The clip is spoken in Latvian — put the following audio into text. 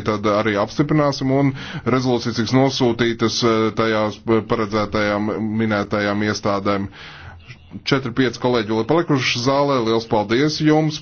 tad arī apstiprināsim un rezolūcijas tiks nosūtītas eh, tajās eh, paredzētajām minētajām iestādēm. 4-5 kolēģi vēl ir palikuši zālē, liels paldies jums!